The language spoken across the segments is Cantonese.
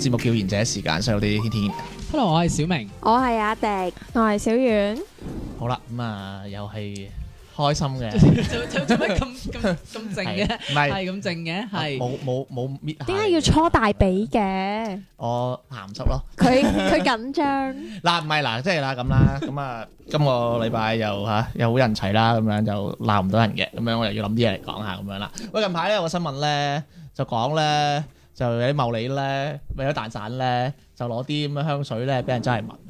節目叫賢者時間，所以我哋天天。Hello，我係小明，我係阿迪，我係小遠。好啦，咁啊，又係開心嘅。做做做乜咁咁咁靜嘅？唔係，係咁靜嘅。係冇冇冇搣？點解要搓大髀嘅？我鹹濕咯。佢佢緊張。嗱唔係嗱，即係啦咁啦，咁啊，今個禮拜又吓又好人齊啦，咁樣就鬧唔到人嘅，咁樣我又要諗啲嘢嚟講下，咁樣啦。喂，近排咧有個新聞咧，就講咧。就喺茂利咧，為咗蛋散咧，就攞啲咁嘅香水咧，俾人真係聞。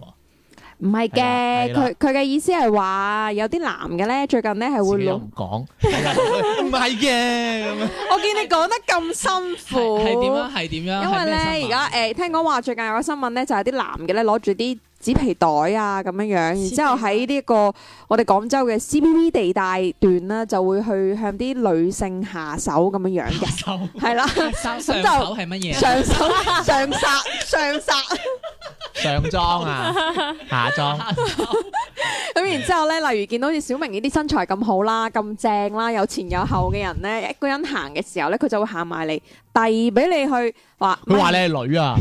唔係嘅，佢佢嘅意思係話有啲男嘅咧，最近咧係會亂講，唔係嘅。我見你講得咁辛苦，係點樣？係點樣？因為咧而家誒，聽講話最近有個新聞咧，就係啲男嘅咧攞住啲紙皮袋啊咁樣樣，然之後喺呢個我哋廣州嘅 C B D 地帶段咧，就會去向啲女性下手咁樣樣嘅，係啦，上手係乜嘢？上手上殺上殺。上裝啊， 下裝。咁然之後咧，例如見到似小明呢啲身材咁好啦，咁正啦，有前有後嘅人咧，一個人行嘅時候咧，佢就會行埋嚟遞俾你去，話佢話你係女啊。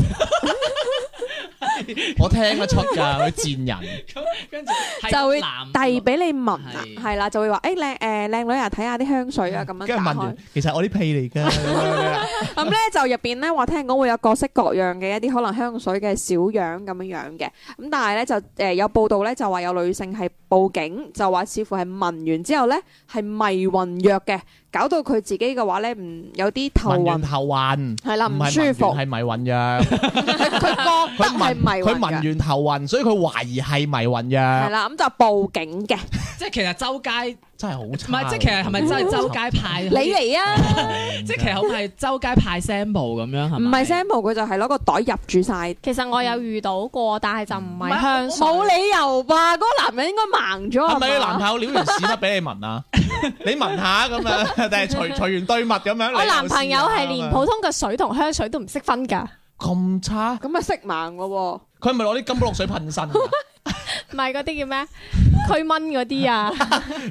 我聽佢出噶，佢賤人， 跟住就會遞俾你聞，係的啦，就會話誒靚誒靚女啊，睇下啲香水啊咁樣。跟住聞完，其實我啲屁嚟噶。咁咧、 嗯、就入邊咧話聽講會有各式各樣嘅一啲可能香水嘅小樣咁樣樣嘅，咁但係咧就誒、呃、有報道咧就話有女性係報警，就話似乎係聞完之後咧係迷魂藥嘅。搞到佢自己嘅話咧，唔有啲頭暈，頭暈係啦，唔舒服係迷暈藥。佢覺得係迷，佢聞完頭暈，所以佢懷疑係迷暈藥。係啦，咁就報警嘅。即係其實周街真係好，唔係，即係其實係咪真係周街派？你嚟啊！即係其實好似周街派 sample 咁樣，唔係 sample，佢就係攞個袋入住晒。其實我有遇到過，但係就唔係向冇理由吧？嗰個男人應該盲咗。係咪你男朋友撩完屎得俾你聞啊？ 你聞下咁啊，定係隨隨緣對物咁樣？佢男朋友係連普通嘅水同香水都唔識分噶，咁差？咁啊色盲噶喎！佢係咪攞啲金寶露水噴身，唔係嗰啲叫咩？ 驅蚊嗰啲啊，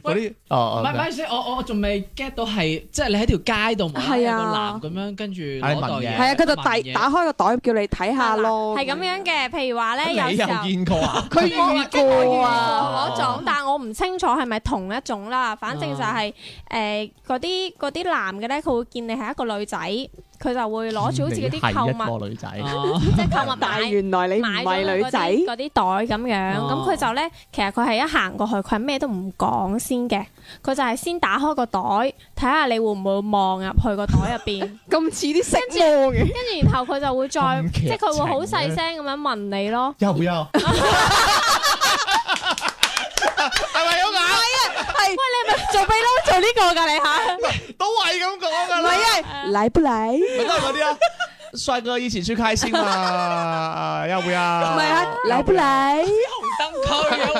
嗰啲哦，唔係唔係，意思，我我仲未 get 到係，即、就、係、是、你喺條街度，係啊，個男咁樣跟住攞袋嘢，係佢、嗯、就遞打，的打開個袋叫你睇下咯，係咁、嗯、樣嘅。譬如話咧、啊，有時候你、啊、見過啊，佢遇過啊嗰種，但係我唔清楚係咪同一種啦、啊。反正就係誒嗰啲嗰啲男嘅咧，佢會見你係一個女仔。佢就會攞住好似嗰啲購物，你女 即係購物買原來你女買女仔嗰啲袋咁樣。咁佢就咧，其實佢係一行過去，佢係咩都唔講先嘅。佢就係先打開個袋，睇下你會唔會望入去個袋入邊。咁似啲色魔嘅。跟住然後佢就會再， 會再即係佢會好細聲咁樣問你咯。有有，係咪有眼？喂，你係咪做秘撈做呢個噶你吓，都係咁講噶啦，嚟不嚟？咪得嗰啲啊。帥哥一齊去開心啦，啊， 要不要？唔係啊，來不來？紅燈區，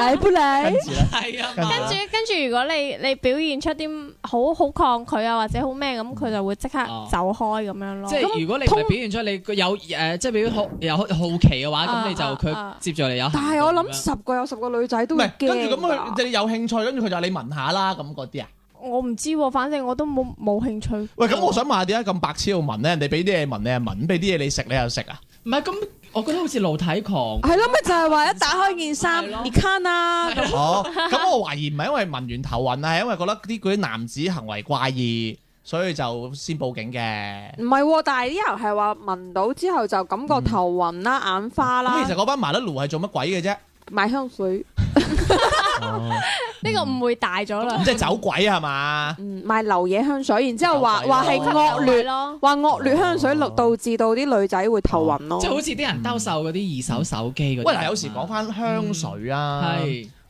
來 不來禮？跟住，跟住，如果你你表現出啲好好，好抗拒啊，或者好咩咁，佢就會即刻走開咁樣咯。哦、即係如果你表現出你有誒、呃，即係比如好有好奇嘅話，咁你就佢接住你啊。你但係我諗十個有十個女仔都會驚。跟住咁佢你有興趣，跟住佢就你問下啦，咁嗰啲啊。我唔知，反正我都冇冇興趣。喂，咁我想問下，點解咁白痴要聞咧？人哋俾啲嘢聞，你又聞；俾啲嘢你食，你又食啊？唔係咁，我覺得好似露體狂。係咯， 咪就係話一打開件衫，了你 c 啦。咁我懷疑唔係因為聞完頭暈啊，係因為覺得啲嗰啲男子行為怪異，所以就先報警嘅。唔係、啊，但係啲人係話聞到之後就感覺頭暈啦、嗯、眼花啦、啊。啊、其實嗰班麻甩佬係做乜鬼嘅啫？賣香水。 呢個誤會大咗啦！即係走鬼係嘛？嗯， 賣流嘢香水，然之後話話係惡劣咯，話噢惡劣香水錄導致到啲女仔會頭暈咯。即係好似啲人兜售嗰啲二手手機喂，嗱、嗯，有時講翻香水啊，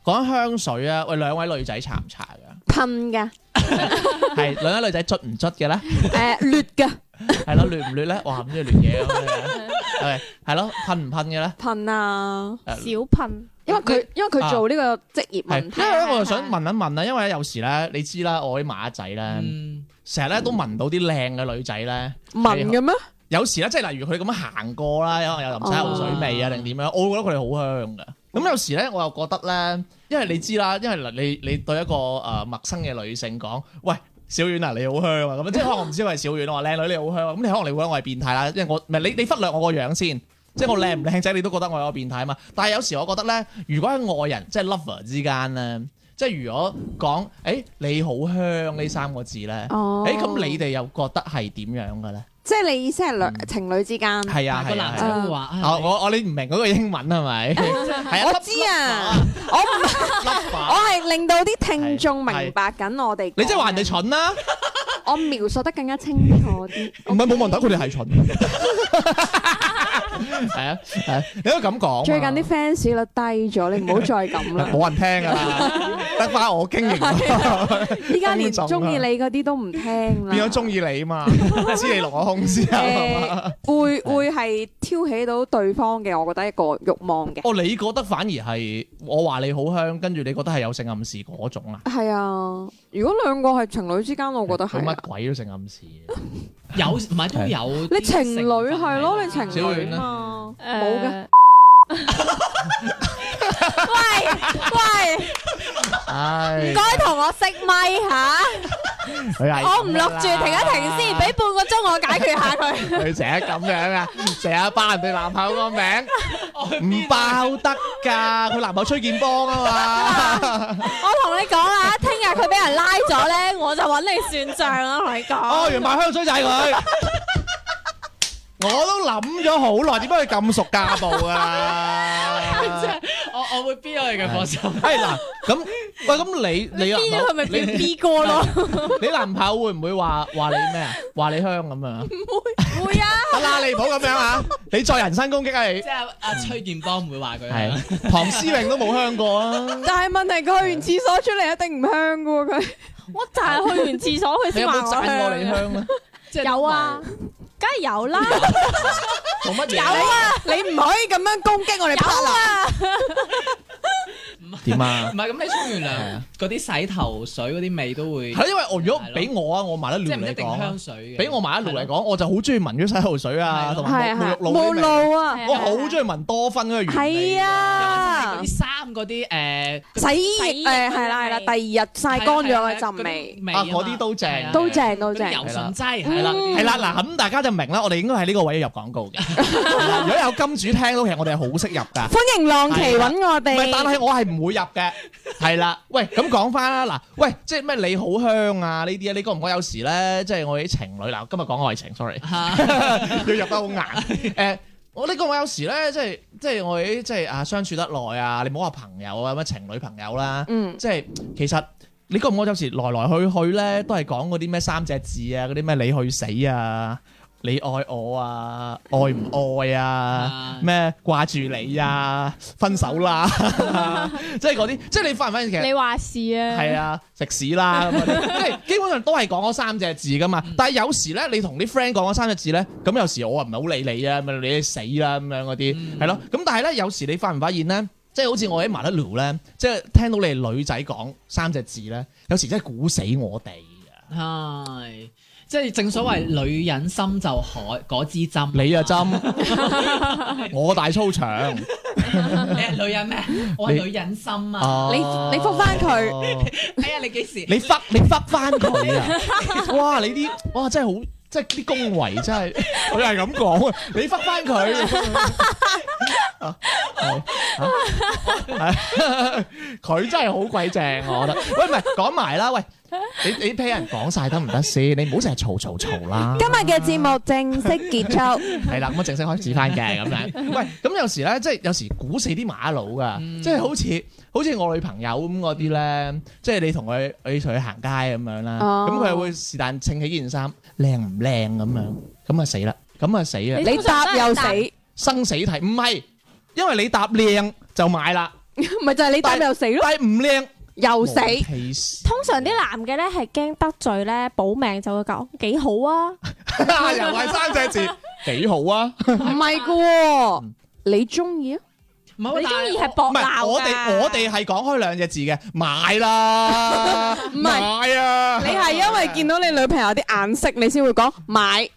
講、嗯、香水啊，喂，兩位女仔搽唔搽噶？噴㗎的，係 兩位女仔捽唔捽嘅咧？誒、呃，劣㗎。係咯，亂唔亂咧？哇，咁中意亂嘢嘅，係係咯，噴唔噴嘅咧？噴啊，小噴，因為佢因為佢做呢個職業問題。因為咧，我就想問一問啦，因為有時咧，你知啦，我啲馬仔咧，成日咧都聞到啲靚嘅女仔咧，聞嘅咩？有時咧，即係例如佢咁樣行過啦，有可能有林產油水味啊，定點樣？我會覺得佢哋好香㗎。咁有時咧，我又覺得咧，因為你知啦，因為你你對一個誒陌生嘅女性講，喂。小婉啊，你好香啊，咁即可能我唔知因為小婉，我話靚女你好香啊，咁你可能你會覺得我係變態啦，因為我唔係你，你忽略我個樣先，即係我靚唔靚仔，你都覺得我有個變態啊嘛，但係有時我覺得咧，如果喺愛人即係 lover 之間咧。即係如果講誒你好香呢三個字咧，誒咁你哋又覺得係點樣嘅咧？即係你意思係兩情侶之間係啊，個男仔話，我我你唔明嗰個英文係咪？係啊，我知啊，我唔我係令到啲聽眾明白緊我哋。你即係話人哋蠢啦？我描述得更加清楚啲。唔係冇問題，佢哋係蠢。係啊係，你都咁講。最近啲 fans 率低咗，你唔好再咁啦。冇人聽㗎啦，得翻我經營。依家連中意你嗰啲都唔聽啦。變咗中意你嘛？知你落我胸之後，會會係挑起到對方嘅，我覺得一個慾望嘅。哦，你覺得反而係我話你好香，跟住你覺得係有性暗示嗰種啊？係啊。如果兩個係情侶之間，我覺得係乜鬼都成暗示，有唔係都有情侶、啊情侶啊、你情侶係咯，你情侶吖嘛冇嘅。喂喂，唔該同我識咪。吓，我唔錄住，停一停先，俾、啊、半個鐘我解決下佢。佢成日咁樣啊，成日包人哋男朋友個名，唔、啊、爆得噶，佢男朋友崔建波啊嘛。 我同你講啊，聽日佢俾人拉咗咧，我就揾你算賬啦，同你講。我，、哦、原來我完賣香水仔佢， 我都諗咗好耐，點解佢咁熟家暴啊？ 我會 B 佢嘅歌手。係嗱，咁喂，咁你你啊，係咪 B 歌咯。你男朋友會唔會話話你咩啊？話你香咁啊？唔會，會啊。拉你唔好咁樣啊！你再人身攻擊你。即係阿崔建邦唔會話佢。係。唐詩詠都冇香過啊。但係問題佢去完廁所出嚟一定唔香嘅佢。我就係去完廁所佢先話我香。有冇讚過你香啊？有啊。梗係有啦，冇乜嘢。有啊！ 你唔可以咁樣攻擊我哋拍檔啊！ 點啊？唔係咁，你沖完涼嗰啲洗頭水嗰啲味都會係因為我如果俾我啊，我聞得濃嚟講，俾我聞得濃嚟講，我就好中意聞咗洗頭水啊，同埋沐浴露嘅味啊，我好中意聞多芬嗰個原味。係啊，嗰啲衫嗰啲誒洗衣液，係啦係啦，第二日曬乾咗嘅陣味嗰啲都正，都正都正。油順劑係啦係啦嗱，咁大家就明啦，我哋應該喺呢個位入廣告嘅。如果有金主聽到，其實我哋係好識入㗎。歡迎浪奇揾我哋。但係我係唔。會入嘅係啦， 喂，咁講翻啦，嗱，喂，即係咩你好香啊，呢啲啊？你覺唔覺有時咧，即係我啲情侶嗱，今日講愛情，Sorry， 要入得好硬。誒、 欸，我呢個我有時咧，即係即係我哋即係啊相處得耐啊，你唔好話朋友啊，乜情侶朋友啦，嗯，即係其實你覺唔覺有時來來去去咧，都係講嗰啲咩三隻字啊，嗰啲咩你去死啊？你愛我啊？愛唔愛啊？咩掛住你啊？分手啦！即係嗰啲，即係、 就是、你發唔發現？其實你話事啊？係啊，食屎啦！即係 基本上都係講嗰三隻字噶嘛。但係有時咧，你同啲 friend 講嗰三隻字咧，咁有時我啊唔係好理你啊，咪你死啦咁樣嗰啲，係咯。咁但係咧，有時你發唔發現咧，即、就、係、是、好似我喺麻甩佬咧，即、就、係、是、聽到你女仔講三隻字咧，有時真係估死我哋啊！係。 即係正所謂女人心就海嗰支針，啊，你啊針， 我大粗長。 你係女人咩？我係女人心啊！你你覆返佢，係啊！你幾、 哎、時？你覆你覆返佢啊！哇！你啲哇真係好～即係啲恭維，真係佢係咁講啊！你覆返佢，係、啊、佢、啊啊、真係好鬼正，我覺得。喂，唔係講埋啦，喂，你你畀人講晒得唔得先？你唔好成日嘈嘈嘈啦！吵吵吵吵，今日嘅節目正式結束，係啦、啊，我正式開始翻嘅咁樣。喂，咁有時咧，即、就、係、是、有時古四啲馬佬噶，即係、嗯、好似好似我女朋友咁嗰啲咧，即、就、係、是、你同佢你同佢行街咁樣啦，咁佢係會是但襯起件衫。靚唔靚咁樣，咁啊死啦，咁啊死啊！你答又死，生死題唔係，因為你答靚就買啦，唔係就係你答又死咯，但係唔靚又死。通常啲男嘅咧係驚得罪咧，保命就會講幾好啊，又係三隻字幾好啊，唔係噶，你中意啊？唔好，你中意係搏鬧噶。唔係，我哋我哋係講開兩隻字嘅，買啦，唔 是買啊！你係因為見到你女朋友啲顏色，你先會講買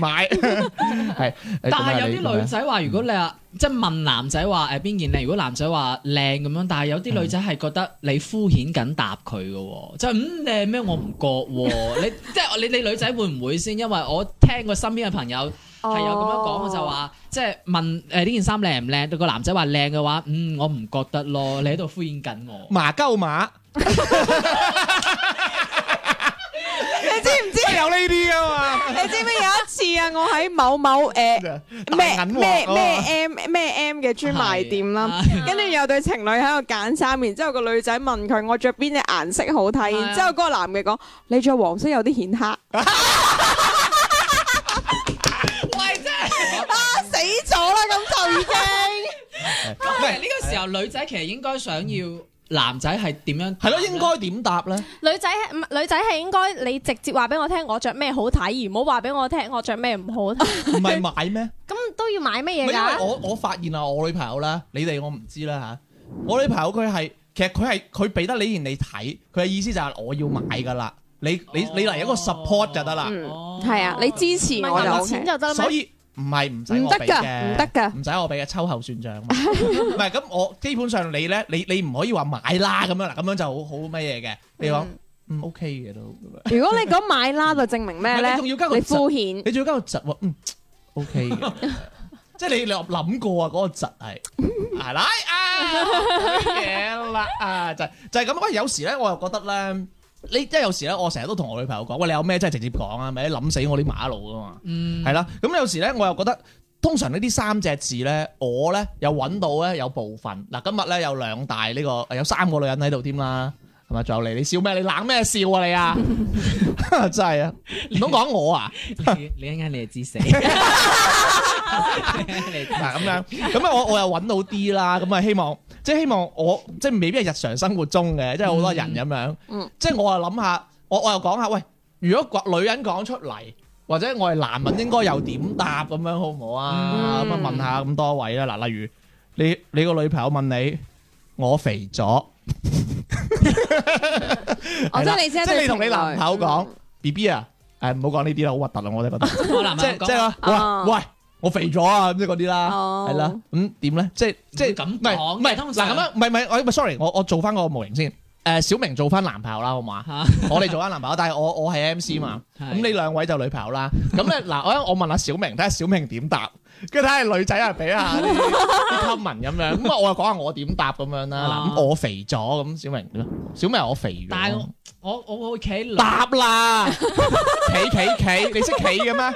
買。係 但係有啲女仔話，如果你啊。即係問男仔話誒邊件靚？如果男仔話靚咁樣，但係有啲女仔係覺得你敷衍緊答佢嘅，就唔靚咩？我唔覺，你即係你你女仔會唔會先？因為我聽過身邊嘅朋友係有咁樣講，我就話即係問誒呢件衫靚唔靚？對個男仔話靚嘅話，嗯我唔覺得咯，你喺度敷衍緊我。麻鳩糕馬。 你知唔知有？有呢啲啊嘛！你知唔知有一次啊？我喺某某誒咩咩咩 M 咩 M 嘅專賣店啦，跟住有對情侶喺度揀衫，然之後個女仔問佢：我着邊隻顏色好睇？啊、然之後嗰個男嘅講：你着黃色有啲顯黑。喂、 啊，真係死咗啦！咁就已經。其實呢個時候，女仔其實應該想要。男仔係點樣？係咯，應該點答咧？女仔係女仔係應該你直接話俾我聽，我着咩好睇，而唔好話俾我聽我着咩唔好。唔 係買咩？咁 都要買咩嘢噶？我我發現啦，我女朋友啦，你哋我唔知啦嚇。我女朋友佢係其實佢係佢俾得你，然你睇，佢嘅意思就係我要買噶啦。你、哦、你你嚟一個 support 就得啦。係啊，你支持我有錢就得。所以。唔係唔使我俾嘅，唔得噶，唔使我俾嘅，秋後算賬。唔係咁，我基本上你咧，你你唔可以話買啦咁樣啦，咁樣就好好咩嘢嘅。你講嗯，嗯 OK 嘅都。如果你講買啦，就證明咩咧？你仲要加個窒，你仲要加個窒喎。嗯，OK 嘅，即係你你諗過啊嗰個窒係。嚟啊，嘢啦啊，就就係咁。因為有時咧，我又覺得咧。你即係有時咧，我成日都同我女朋友講：喂，你有咩真係直接講啊？咪諗死我啲馬路噶嘛，係啦，嗯。咁有時咧，我又覺得通常呢啲三隻字咧，我咧有揾到咧有部分。嗱，今日咧有兩大呢，呢個，有三個女人喺度添啦，係咪仲有你，你笑咩？你冷咩笑啊？你啊， 真係啊，唔通講我啊？你，你，你一陣你就知死？嗱 咁 樣，咁啊我我又揾到啲啦，咁啊希望。即係希望我即係未必係日常生活中嘅，即係好多人咁樣。嗯、即係我，我，我又諗下，我我又講下，喂，如果女人講出嚟，或者我係男人應該，應該又點答咁樣好唔好啊？咁、嗯、問下咁多位啦。嗱，例如你你個女朋友問你，我肥咗，嗯、 了我真你先。即係你同你男朋友講 B B 啊，誒唔好講呢啲啦，好核突啦，我都覺得。嗯、男人講。即係， 喂喂、嗯。嗯嗯嗯我肥咗啊，即係嗰啲啦，係啦，咁點咧？即係即係咁唔係唔係，嗱咁樣唔係唔係，我 sorry，我我做翻個模型先。誒，小明做翻男朋友啦，好嘛？我哋做翻男朋友，但係我我係 MC 嘛，咁你兩位就女朋友啦。咁咧嗱，我我問下小明，睇下小明點答，跟住睇下女仔啊俾下 comment 咁樣。咁啊，我講下我點答咁樣啦。嗱，咁我肥咗，咁小明，小明我肥咗。我我會企立啦，企企企，你識企嘅咩？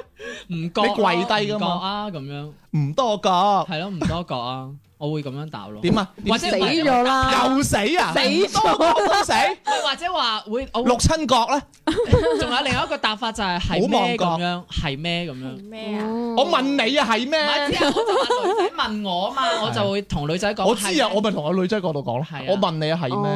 唔覺，你跪低嘅嘛？啊咁樣，唔多覺，係咯，唔多覺啊，我會咁樣答咯。點啊？或者死咗啦？又死啊？死多角都死，或者話會六親角咧？仲有另外一個答法就係，係望咁樣？係咩咁樣？咩我問你啊，係咩？唔係，我就問女仔問我嘛，我就會同女仔講。我知啊，我咪同個女仔嗰度講啦。我問你啊，係咩？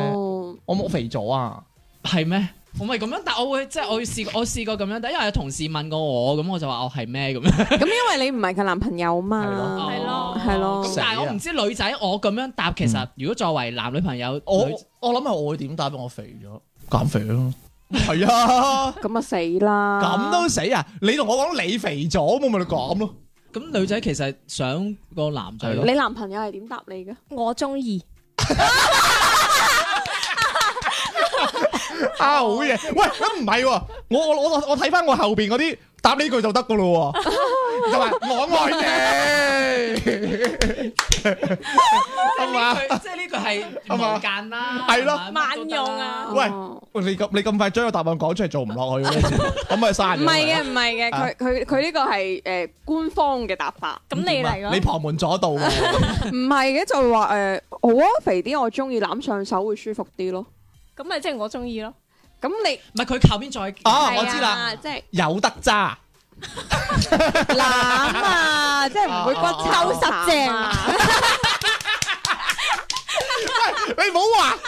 我冇肥咗啊？係咩？我咪咁樣，但係我會即係我試我試過咁樣，但係因為有同事問過我，咁我就話我係咩咁樣。咁因為你唔係佢男朋友嘛，係咯，係咯。但係我唔知女仔我咁樣答，其實如果作為男女朋友，我我諗下我會點答？俾我肥咗，減肥咯。係啊，咁啊死啦！咁都死啊？你同我講你肥咗，咁咪你講咯。咁女仔其實想個男仔，你男朋友係點答你嘅？我中意。啊好嘢！喂，咁唔係喎，我我我我睇翻我後邊嗰啲答呢句就得噶咯喎，就係我愛嘅！係嘛？即係呢句係唔間啦，係咯，萬用啊！喂，喂，你咁你咁快將個答案講出嚟，做唔落去，咁咪晒唔係嘅，唔係嘅，佢佢佢呢個係誒官方嘅答法，咁你嚟咯，你旁門左道，唔係嘅就話誒，好啊，肥啲，我中意攬上手會舒服啲咯。咁咪即係我中意咯，咁你咪佢靠邊再哦，我知啦，即係有得揸，嗱嘛，即係唔會骨抽實正啊。你唔好話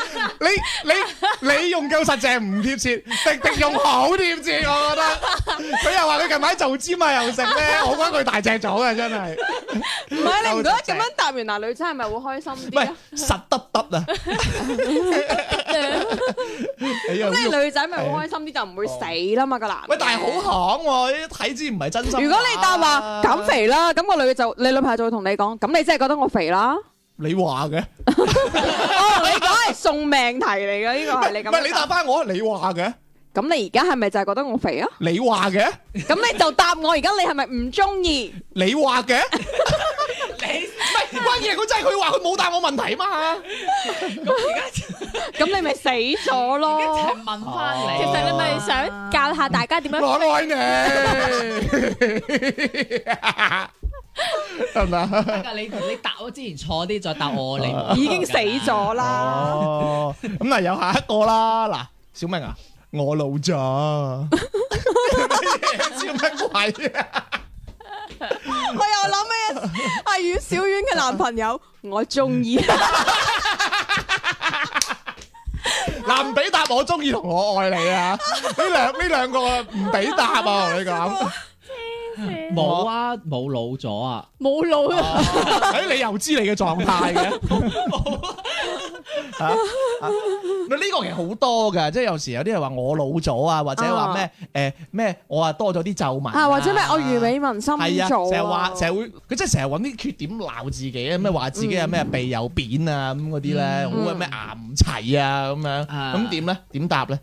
你你你用夠實淨唔貼切，迪迪用好貼切我覺得。佢 又話佢近排做尖啊又食咧，我覺得佢大隻咗啊真係。唔係是你唔覺得咁樣答完嗱女仔係咪會開心啲？唔係實得得啊！即係女仔咪會開心啲，就唔會死啦嘛個男。喂但係好行喎，一睇知唔係真心啊。如果你答話減肥啦，咁個女就你女朋友就會同你講，咁你真係覺得我肥啦？你話嘅，哦，你講係送命題嚟嘅，呢個係你咁。唔係你答翻我，你話嘅。咁你而家係咪就係覺得我肥啊？你話嘅。咁你就答我，而家你係咪唔中意？你話嘅。你唔係關鍵，佢真係佢話佢冇答我問題嘛？咁而家，咁你咪死咗咯？一齊問翻你，其實你咪想教下大家點樣？我愛你。係咪？得？你你答我之前坐啲，再答我，嚟已經死咗啦。咁嗱、哦，有下一個啦。嗱，小明啊，我老咗。笑乜 鬼啊！ 我又諗起阿婉小婉嘅男朋友我，我中意。嗱、 啊，唔俾答我中意同我愛你啊？呢 兩呢兩個唔俾答啊！同 你講。冇啊，冇老咗啊，冇老啊！哎、哦，你又知你嘅狀態嘅？啊，嗱，呢個其實好多嘅，即係有時有啲人話我老咗啊、欸、啊，啊，或者話咩誒咩，我啊多咗啲皺紋啊，或者咩我愚昧民心，係啊，成日話成日會，佢即係成日搵啲缺點鬧自己啊，咩話自己係咩鼻有扁啊咁嗰啲咧，好嘅咩牙唔齊啊咁樣，咁點咧？點答咧？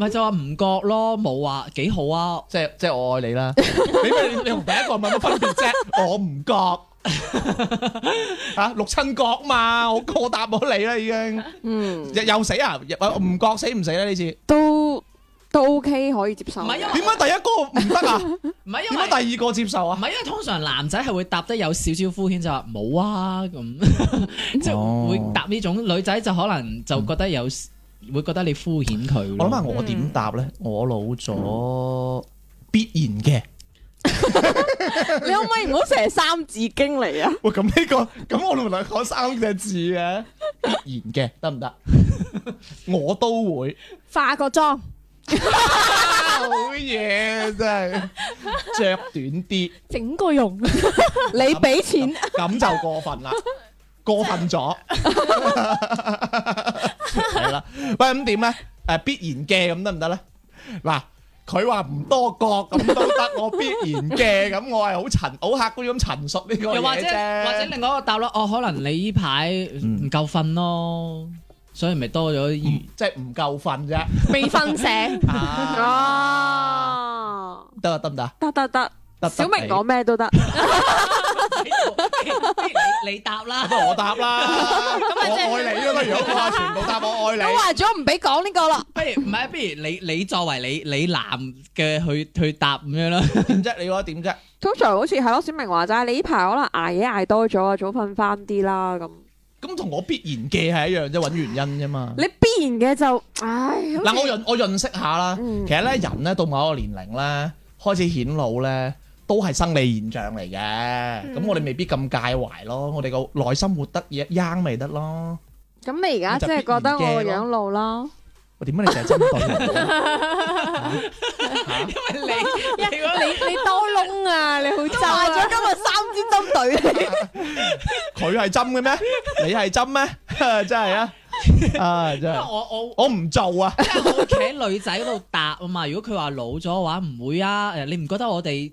咪就話唔覺咯，冇話幾好啊！即係即係我愛你啦 你你同第一個問乜分別啫？我唔覺啊，六親覺嘛，我我答唔到你啦已經。嗯，又死啊！唔覺死唔死咧呢次？都都 OK 可，可以接受。唔係因為點解第一個唔得啊？唔係因為，為第二個接受啊？唔係因為通常男仔係會答得有少少敷衍就話冇啊咁，哦、 即係會答呢種女仔就可能就覺得有。嗯嗯嗯會覺得你敷衍佢。我諗下我點答咧？嗯、我老咗必然嘅。 你可唔可以唔好成日《三字經》嚟，這個，啊！喂，咁呢個咁我老你講三隻字嘅必然嘅得唔得？行行 我都會化個妝。好 嘢、 啊，真係着短啲，整個容。你俾錢咁就過分啦， 過分咗。 喂，咁點咧？誒、啊，必然嘅咁得唔得咧？嗱，佢話唔多覺咁都得，我必然嘅咁，我係好陳，好客觀咁陳述呢個。又或者，或者另外一個答咯，哦，可能你呢排唔夠瞓咯，嗯、所以咪多咗、嗯，即係唔夠瞓啫。未瞓醒，得啊，得唔得？得得得，小明講咩都得。 你,你,你答啦，我,我答啦。 就是、我愛你、啊、如果我全部答我愛你，都話咗唔俾講呢個咯。 不如唔係不如你你作為你你男嘅去去答咁樣啦，點 啫？你覺得點啫？通常好似係咯，小明話齋，你呢排可能捱夜捱多咗，早瞓翻啲啦。咁咁同我必然嘅係一樣啫，揾原因啫嘛。你必然嘅就唉嗱，我認我認識下啦。嗯、其實咧人咧到某個年齡咧開始顯老咧。都係生理現象嚟嘅，咁我哋未必咁介懷咯。我哋個內心活得嘢忟咪得咯。咁你而家即係覺得我個樣老咯？我點解你成日針對？因為你，你你多窿啊！你好，做咗今日三支針對。佢係針嘅咩？你係針咩？真係啊！啊，真係我我我唔做啊！我企喺女仔嗰度答啊嘛。如果佢話老咗嘅話，唔會啊。你唔覺得我哋？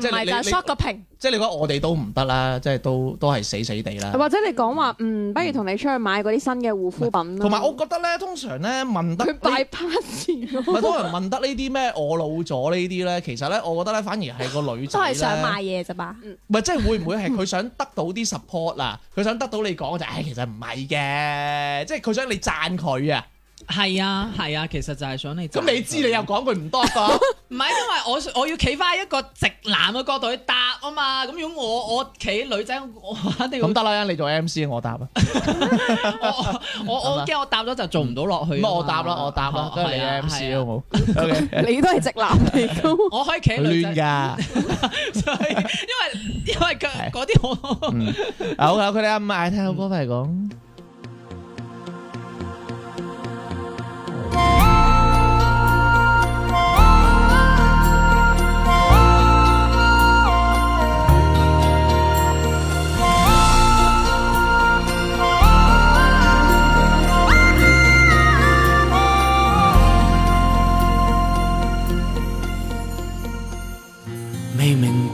就係買架 shopping，即係你覺得我哋都唔得啦，即係都都係死死地啦。或者你講話，嗯，不如同你出去買嗰啲新嘅護膚品。同埋、嗯、我覺得咧，通常咧問得，佢擺 pass 通常問得呢啲咩我老咗呢啲咧，其實咧我覺得咧反而係個女仔都係想買嘢啫吧？唔係、嗯、即係會唔會係佢想得到啲 support 啊？佢想得到你講就係，其實唔係嘅，即係佢想你讚佢啊。係啊係啊，其實就係想你咁，你知你又講句唔多個，唔係因為我我要企翻一個直男嘅角度去答啊嘛，咁如果我我企女仔，我肯定咁得啦，你做 M C 我答啊，我我我驚我答咗就做唔到落去，咁我答啦我答啦，都係你 M C 好冇？你都係直男嚟，我可以企女亂噶，因為因為佢嗰啲好，好啦，佢哋阿唔愛聽到歌嚟講。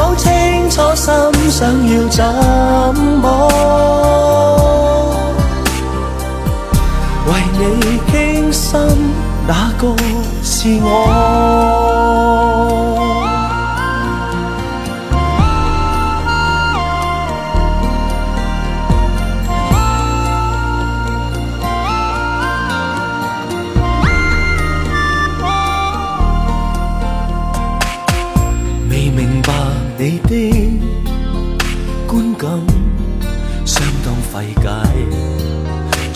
講清楚心想要怎麼為你傾心，哪個是我？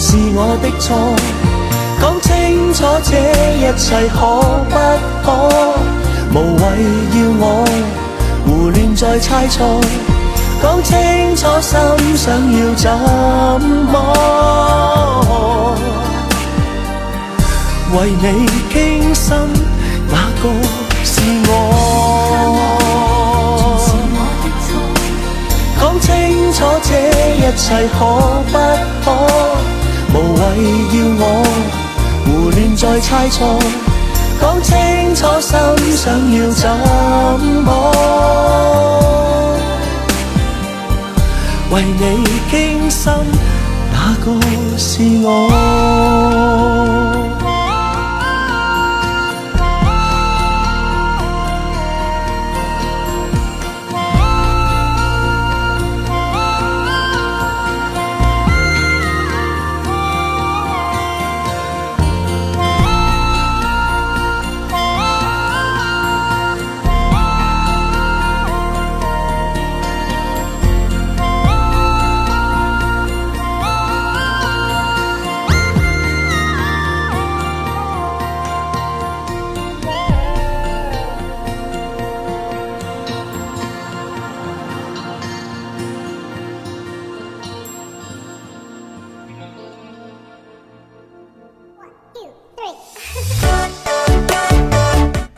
是我的錯，講清楚這一切可不可？無謂要我胡亂再猜錯，講清楚心想要怎麼？為你傾心，那個是我？講清楚這一切可不可？無謂要我胡亂再猜錯，講清楚心想要怎麼？為你傾心，那個是我？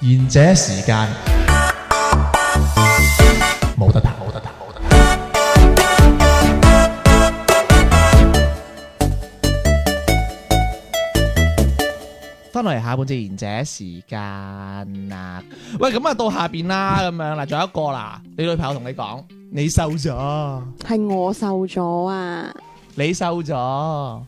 賢者時間，冇得彈，冇得彈，冇得彈。翻嚟下半節賢者時間啊！喂，咁啊到下邊啦，咁樣嗱，仲有一個啦，你女朋友同你講，你瘦咗，係我瘦咗啊，你瘦咗。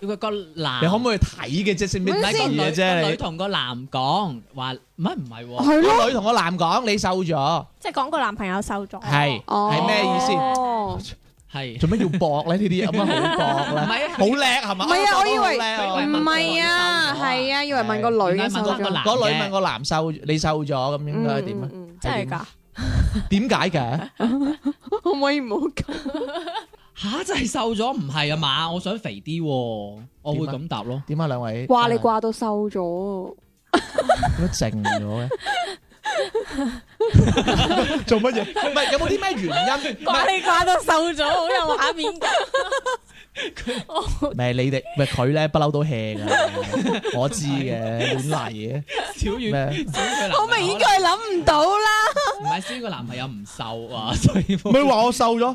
叫個男，你可唔可以睇嘅啫，先邊睇個女啫？你個女同個男講，話唔係唔係？係咯。個女同個男講，你瘦咗。即係講個男朋友瘦咗。係。哦。係咩意思？係。做咩要搏咧？呢啲嘢咁樣去搏，唔係啊？好叻係嘛？唔係啊！我以為唔係啊，係啊！以為問個女瘦咗。嗰女問個男瘦，你瘦咗咁應該點啊？真係噶？點解嘅？可唔可以唔好咁？吓，真係瘦咗？唔係啊嘛，我想肥啲，我會咁答咯。點解兩位掛你掛到瘦咗，都靜咗咩？做乜嘢？唔係有冇啲咩原因？掛你掛到瘦咗，好有畫面㗎。唔係你哋，唔係佢咧，不嬲都輕啊！我知嘅，瀨嘢。小月咩？我明顯佢諗唔到啦。唔係先個男朋友唔瘦啊，所以佢話我瘦咗。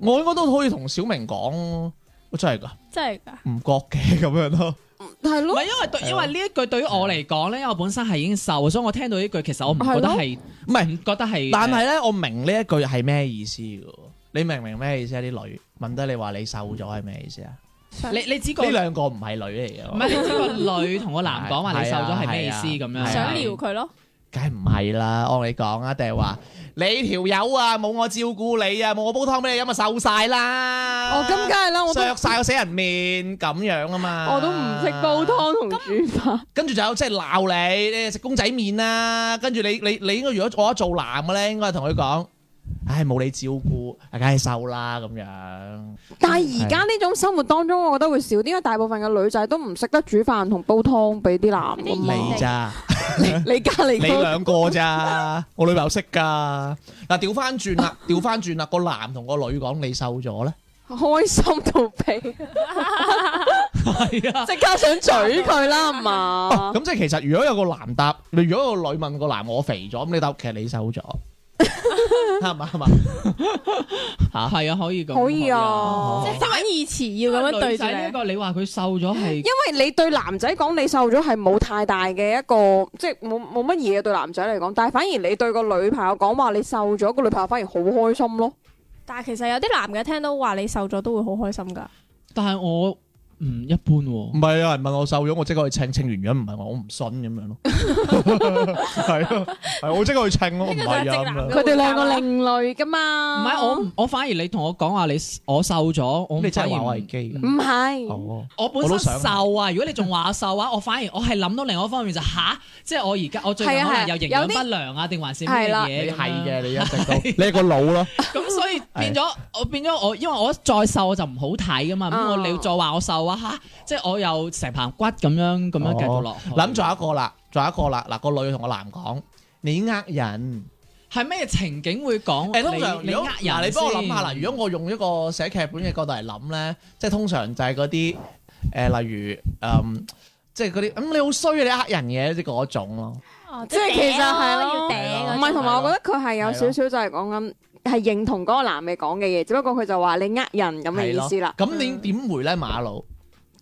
我應該都可以同小明講，我真係噶，真係噶，唔的覺嘅咁樣咯，係咯、嗯，唔係因為對， 因為呢一句對於我嚟講咧，喏我本身係已經瘦，所以我聽到呢句其實我唔覺得係，唔係唔覺得係，但係咧我明呢一句係咩意思噶？你明唔明咩意思？啲 the 女問得你話你瘦咗係咩意思啊？你你只呢兩個唔係女嚟嘅，唔係你知個女同個男講話你瘦咗係咩意思咁樣？想撩佢咯？梗係唔係啦，按你講啊，定係話你條友啊冇我照顧你啊，冇我煲湯俾你飲啊？瘦晒啦！哦，咁梗係啦，我削晒個死人面咁樣啊嘛！我都唔識煲湯同煮飯。跟住仲有即係鬧你，食公仔麪啊！跟住你你你，你應該如果我做男嘅咧，應該同佢講。嗯唉，冇你照顧，梗係瘦啦咁樣。但係而家呢種生活當中，是我覺得會少，點解大部分嘅女仔都唔識得煮飯同煲湯俾啲男人。 你咋？你家你你兩個咋？我女朋友識㗎。嗱，調翻轉啦，調翻轉啦，個男同個女講你瘦咗咧。開心到屁！」係啊！即刻想嘴佢啦，係嘛、啊？咁即係其實如，如果有個男搭，你如果個女問個男我肥咗，咁你答其實你瘦咗。係嘛，係吓，係啊，可以咁，可以啊，即係反義詞要咁樣對住你。個你話佢瘦咗係，因為你對男仔講你瘦咗係冇太大嘅一個，即係冇冇乜嘢對男仔嚟講。但係反而你對個女朋友講話你瘦咗，個女朋友反而好開心咯。但係其實有啲男嘅聽到話你瘦咗都會好開心㗎。但係我。唔一般喎，唔係啊！人問我瘦咗，我即刻去稱，稱完因唔係我，我唔信咁樣咯。係啊，係我即刻去稱咯，唔係啊。佢哋兩個另類噶嘛？唔係我，我反而你同我講話，你我瘦咗，我你真係話我係基。唔係，我本身瘦啊。如果你仲話我瘦啊，我反而我係諗到另外一方面就吓，即係我而家我最近可能有營養不良啊，定還是咩嘢？係嘅，你一直都你個腦咯。咁所以變咗，我變咗我，因為我再瘦我就唔好睇噶嘛。咁我你再話我瘦。哇，即係我又成棚骨咁樣咁樣繼續落。諗住一個啦，仲有一個啦嗱，個女同個男講你呃人，係咩情景會講？誒，通常你呃人，你幫我諗下啦，如果我用一個寫劇本嘅角度嚟諗咧，即係通常就係嗰啲誒，例如誒，即係嗰啲咁，你好衰啊！你呃人嘅即嗰種咯，即係其實係咯，唔係，同埋我覺得佢係有少少就係講緊係認同嗰個男嘅講嘅嘢，只不過佢就話你呃人咁嘅意思啦。咁你點回咧，馬佬？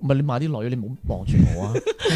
唔係你買啲女，你唔好望住我啊！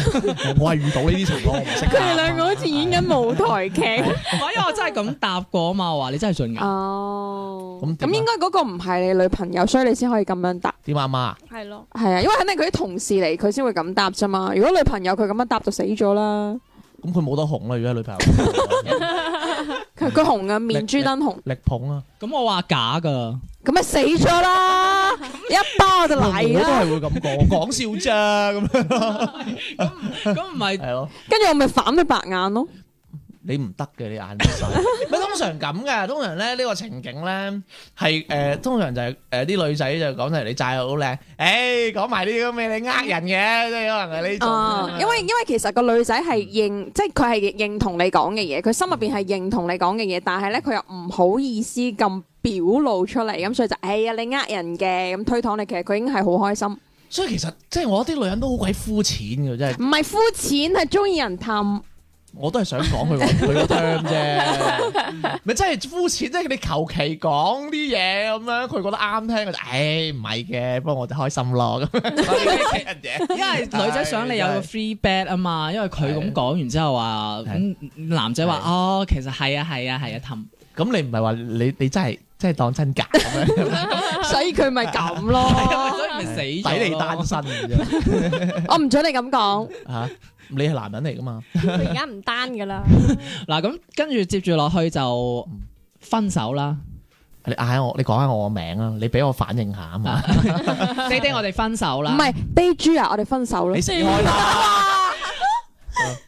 我係遇到呢啲情況，我唔識。佢哋兩個好似演緊舞台劇，唔係 因為我真係咁答過啊嘛，我話你真係信噶。哦，咁咁應該嗰個唔係你女朋友，所以你先可以咁樣答。點啊，媽？係咯，係啊，因為肯定佢啲同事嚟，佢先會咁答啫嘛。如果女朋友佢咁樣答就死咗啦。咁佢冇得紅啦，如果係女朋友。佢佢 紅啊，面珠燈紅力力，力捧啊。咁我話假噶。咁咪死咗啦！ 一包就嚟啦！我都係會咁講，講笑咋咁樣？咁咁唔係？係、嗯嗯、 咯。跟住我咪反佢白眼咯。你唔得嘅，你眼力差。 通常咁噶，通常咧呢個情景咧係誒，通常就係誒啲女仔就講出嚟，欸，你債好靚，誒講埋啲咁咩？你呃人嘅，即係可能係呢種，呃。因為因為其實個女仔係認，嗯、即係佢係認同你講嘅嘢，佢心入邊係認同你講嘅嘢，嗯、但係咧佢又唔好意思咁表露出嚟，咁所以就哎呀你呃人嘅，咁推搪你，其實佢已經係好開心。所以其實即係我啲女人都好鬼膚淺嘅，真係。唔係膚淺，係中意人氹。我都係想講佢佢個聽啫，咪 真係膚淺，即係你求其講啲嘢咁樣，佢覺得啱聽，就誒唔係嘅，不過我哋開心咯咁。因為 女仔想你有個 free bad 啊嘛，因為佢咁講完之後話，對男仔話對哦，其實係啊係啊係啊氹。咁、啊、你唔係話你你真係真係當真㗎？ 所以佢咪咁咯，對所以咪死睇你單身。 我唔准你咁講。啊你係男人嚟噶嘛？佢而家唔單噶啦。嗱咁跟住接住落去就分手啦。你嗌我，你講下我個名啊！你俾我反應下啊嘛。你 爹， 我哋分手啦。唔係，Day 豬啊，我哋分手咯。你先開頭。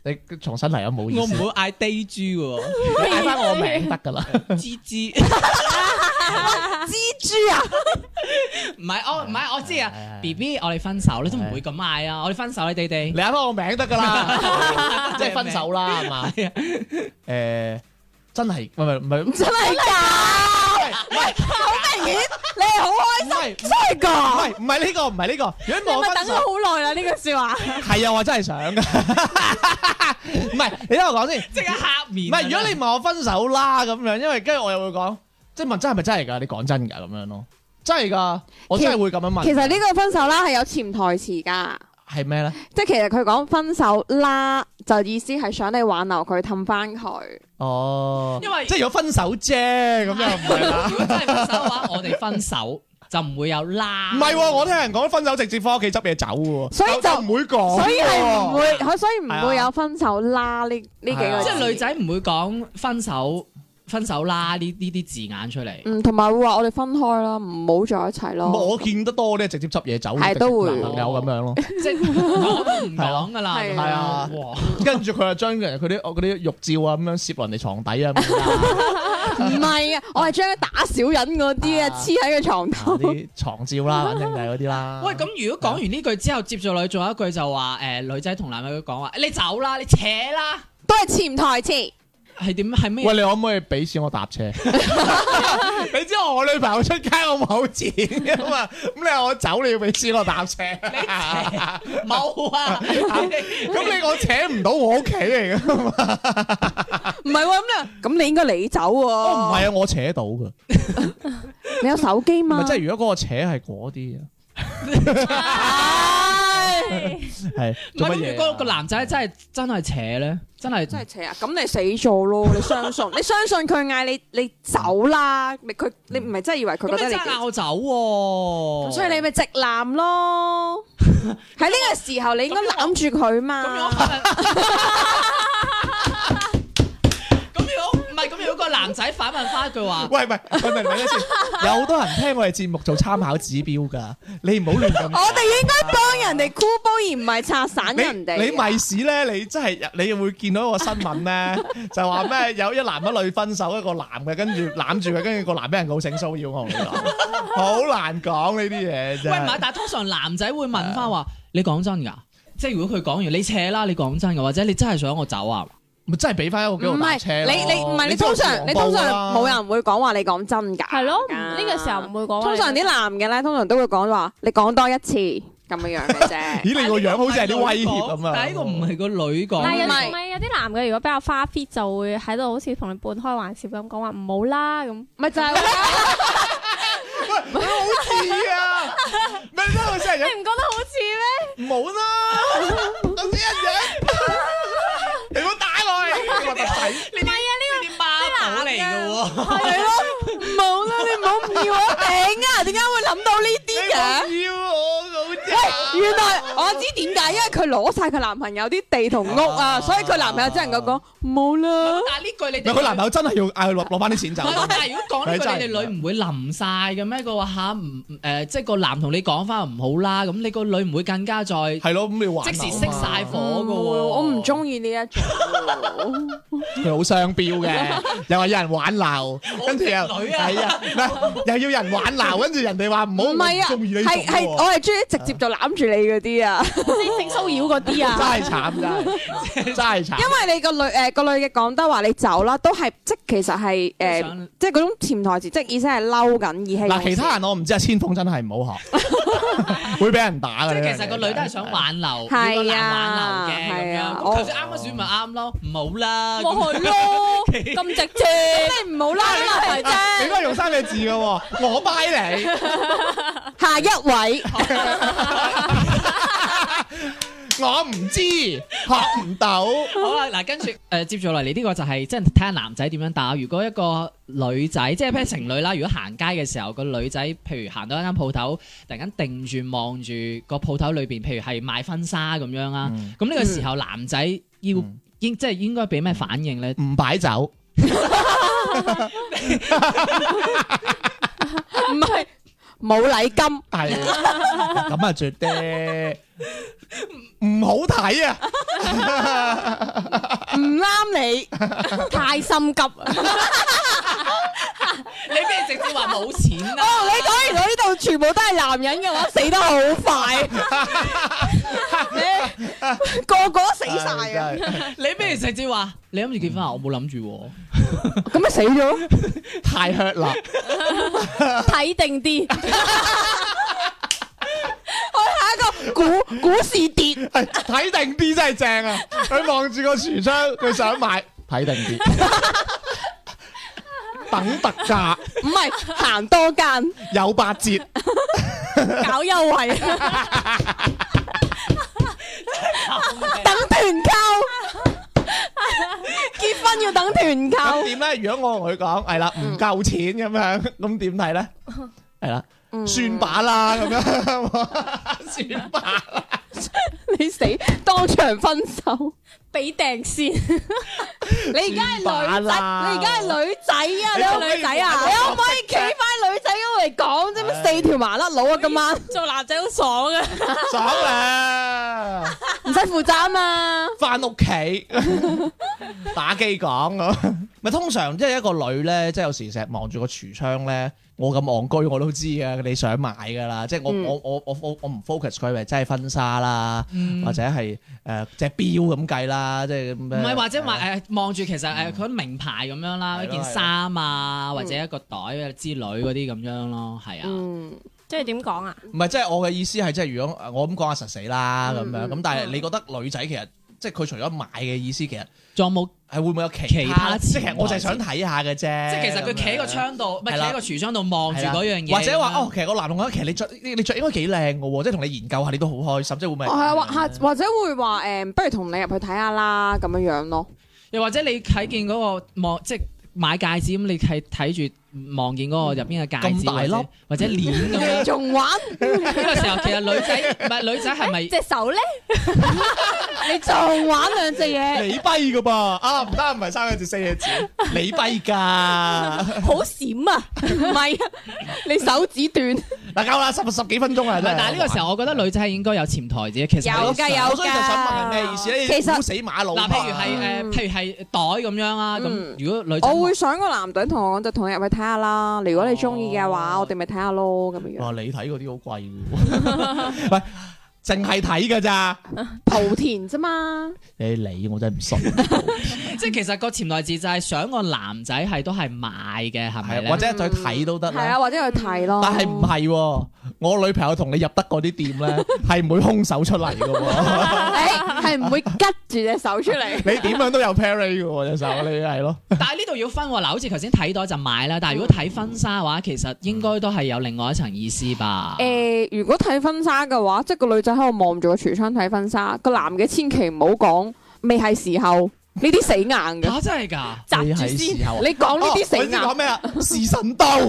你重新嚟啊！冇意思。我唔會嗌 Day 豬喎， 你嗌翻我名得噶啦。吱 吱 Gigi。 蜘蛛啊，唔係我唔係我知啊，B B，我哋分手，你都唔會咁嗌啊，我哋分手，你哋哋，你嗌返我名得噶啦，即係分手啦，係嘛？誒，真係唔係唔係真係噶，好得意，你係好開心，真係噶，唔係呢個唔係呢個，如果我唔係等咗好耐啦，呢句說話係啊，我真係想噶，唔係你聽我講先，即刻黑面，唔係如果你問我分手啦咁樣，因為跟住我又會講。即係問真係咪真係噶？你講真噶咁樣咯，真係噶，我真係會咁樣問。其實呢個分手啦係有潛台詞噶，係咩咧？即係其實佢講分手啦，就意思係想你挽留佢氹翻佢。哦，因為即係有分手啫，咁樣。如果真係分手嘅話，我哋分手就唔會有啦。唔係，我聽人講分手直接翻屋企執嘢走噶，所以就唔會講，所以係唔會，所以唔會有分手啦呢呢幾個。即係女仔唔會講分手。分手啦！呢呢啲字眼出嚟，嗯，同埋會話我哋分開啦，唔好再一齊咯。我見得多咧，直接執嘢走，係都會男朋友咁樣咯，即係唔講噶啦，係啊，哇！跟住佢就將佢啲我啲肉照啊，咁樣攝落人哋床底啊，唔係啊，我係將打小人嗰啲啊，黐喺個床啲床照啦，定係嗰啲啦。喂，咁如果講完呢句之後，接住落仲有一句就話，誒，女仔同男都講話，你走啦，你扯啦，都係潛台詞。係點？係咩？喂，你可唔可以俾錢我搭車？ 你知我我女朋友出街我冇錢噶、 啊、 嘛？咁你話我走你要俾錢我搭車？冇啊！咁你我扯唔到我屋企嚟噶嘛？唔係喎，咁咧，咁你應該你走喎、啊。唔係、哦、啊，我扯到噶。 你有手機嘛？即係如果嗰個扯係嗰啲啊。係，咁如果個男仔真係 真係扯咧，真係真係扯啊！咁你死咗咯，你相信 你相信佢嗌你你走啦，佢你唔係真係以為佢覺得你， 你真係拗走，啊，所以你咪直男咯。喺呢 個時候你應該攬住佢嘛。 咁如果個男仔反問翻一句話，喂喂，我明唔明先？有好多人聽我哋節目做參考指標噶，你唔好亂咁。我哋應該幫人哋箍煲，而唔係拆散人哋。 你咪屎咧！你真係你會見到一個新聞咧，就話咩有一男一女分手，一個男嘅跟住攬住佢，跟住個男俾人告性騷擾我。我同你講，好難講呢啲嘢啫。喂，唔係，但係通常男仔會問翻話， 你講真㗎？即係如果佢講完，你扯啦！你講真㗎，或者你真係想我走啊？咪真係俾翻一個機會咯。你你唔係你通常你通常冇人會講話你講真假係咯，呢個時候唔會講。通常啲男嘅咧，通常都會講話你講多一次咁樣樣嘅啫。咦，你個樣好似係啲威脅咁啊！但係呢個唔係個女講。唔係有啲男嘅如果比較花 fit 就會喺度好似同你半開玩笑咁講話唔好啦咁，咪就係咯。喂，好似啊，咪真係嘅。你唔覺得好似咩？唔好啦。你唔係啊？呢的、這個啲貓狗嚟嘅喎，係咯媽，唔好啦，你唔好唔要我，頂啊，點解會諗到呢啲嘅？唔要我。媽媽原來我知點解，因為佢攞晒佢男朋友啲地同屋啊，所以佢男朋友只能夠講冇啦。但呢句你，佢男朋友真係要嗌佢攞攞翻啲錢走。但係如果講呢句，你女唔會冧晒嘅咩？佢話吓唔誒，即係個男同你講翻唔好啦，咁你個女唔會更加再係咯咁要即時熄晒火嘅。我唔中意呢一種，佢好雙標嘅，又話有人玩鬧，跟住又係啊，又要人玩鬧，跟住人哋話唔好，唔係啊，我係中意直接就鬧。攬住你嗰啲啊，性騷擾嗰啲啊，真係慘噶，真係慘。因為你個女誒個女嘅講得話你走啦，都係即其實係誒，即嗰種潛台詞，即意思係嬲緊，義氣嗱。其他人我唔知啊，千鋒真係唔好學，會俾人打嘅。即其實個女都係想挽留，要啊，男挽留嘅咁啱啱選咪啱咯，唔好啦，過去咯，咁直接，你唔好拉埋啫。你該用三個字嘅，我拜你。下一位。 我唔知，學唔到。好啦，嗱，跟住誒、呃，接住落嚟，呢個就係即係睇下男仔點樣打。如果一個女仔，即係譬如情侶啦，如果行街嘅時候，個女仔，譬如行到一間鋪頭，突然間定住望住個鋪頭裏邊，譬如係賣婚紗咁樣啊。咁呢、嗯、個時候男仔要、嗯、應，即係應該俾咩反應咧？唔擺酒，唔係。冇禮金、 哎，係咁啊，絕對。唔好睇啊！唔啱你，太心急。你咩直接話冇錢啦？哦，你講完我呢度全部都係男人嘅話，死得好快。你個個死晒啊！你咩直接話？你諗住結婚啊？我冇諗住。咁咪死咗？太 hurt 啦！睇定啲。佢 下一個股股市跌，睇定啲真係正啊！佢望住個櫥窗，佢想買睇定啲， 等特價，唔係行多間有八折， 搞優惠， 等團購， 結婚要等團購。點咧？如果我同佢講，係啦，唔夠錢咁樣，咁點睇咧？係啦。 嗯、算把吧啦，咁 樣算把啦。 你死當場分手，俾訂先。 啦你而家係女仔，你而家係女仔啊！你，可可你可可女仔對啊，你可唔可以企翻女仔嗰度嚟講啫？四條麻甩佬啊，今晚，做男仔好爽啊！ 爽啊！唔使負責啊嘛，翻屋企打機講、啊。咪通常即係一個女咧，即係有時成日望住個櫥窗咧，我咁戇居我都知嘅，你想買噶啦，即係我、嗯、我我我我唔 focus 佢咪即係婚紗啦，嗯、或者係誒隻表咁計啦，即係咁咩？唔係、呃、或者話誒望住其實誒嗰、嗯呃、名牌咁樣啦，嗯、一件衫啊，嗯、或者一個袋啊之類嗰啲咁樣咯，係啊，嗯、即係點講啊？唔係即係我嘅意思係即係如果我咁講啊，實死啦咁樣咁，嗯嗯、但係你覺得女仔其實即係佢除咗買嘅意思，其實仲有冇？係會唔會有其他，其他即係，我就係想睇下嘅啫。即係其實佢企喺個窗度，唔係企喺個櫥窗度望住嗰樣嘢。或者話哦，其實個男同學，其實你着你你著應該幾靚㗎喎，即係同你研究下，你都好開心，即係會唔會？啊、哦，或或者會話誒、嗯，不如同你入去睇下啦咁樣樣咯。又或者你睇見嗰、那個望即係買戒指咁，你係睇住。望見嗰個入邊嘅戒指，或者鏈咁樣，仲玩？呢個時候其實女仔唔係女仔係咪隻手咧？你仲玩兩隻嘢？你跛噶噃啊！唔得唔係三隻四隻字，你跛噶，好閃啊！唔係啊，你手指斷。嗱夠啦，十十幾分鐘啊，真係。但係呢個時候，我覺得女仔應該有潛台詞，其實有噶有噶。所以就想問係咩意思咧？其實烏死馬路。嗱，譬如係誒，譬如係袋咁樣啊，咁如果女，我會想個男仔同我講就同入去睇。睇下啦，如果你中意嘅話，哦、我哋咪睇下咯咁、哦、樣。哇，你睇嗰啲好貴嘅喎。 淨係睇噶咋，莆田啫嘛。 你理我，我真係唔信。 即係其實個潛台詞就係想個男仔係都係買嘅，係咪、啊嗯？或者再睇都得。係啊，或者去睇咯。但係唔係，我女朋友同你入得嗰啲店咧，係唔會空手出嚟噶、哦。係 唔、 欸、會吉住隻手出嚟。 你點樣都有 pair 嘅喎隻手，你係咯。但係呢度要分嗱、哦，好似頭先睇到就買啦。但係如果睇婚紗嘅話，其實應該都係有另外一層意思吧。誒、嗯呃，如果睇婚紗嘅話，即係個女仔。 喺度望住個櫥窗睇婚紗，個男嘅千祈唔好講，未係時候呢啲死硬嘅。吓真係噶扎住先。你講呢啲死硬，講咩啊？時辰到。